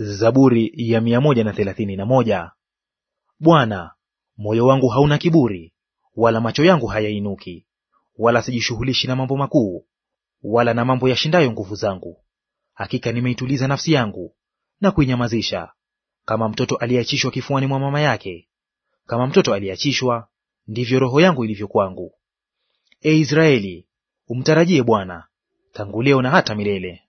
Zaburi ya mia moja na thelathini na moja. Bwana, moyo wangu hauna kiburi, wala macho yangu hayainuki, wala sijishughulishi na mambo makuu, wala na mambo yashindayo nguvu zangu. Hakika nimeituliza nafsi yangu na kuinyamazisha, kama mtoto aliyeachishwa kifuani mwa mama yake, kama mtoto aliyeachishwa, ndivyo roho yangu ilivyo kwangu. E Israeli, umtarajie Bwana tangu leo na hata milele.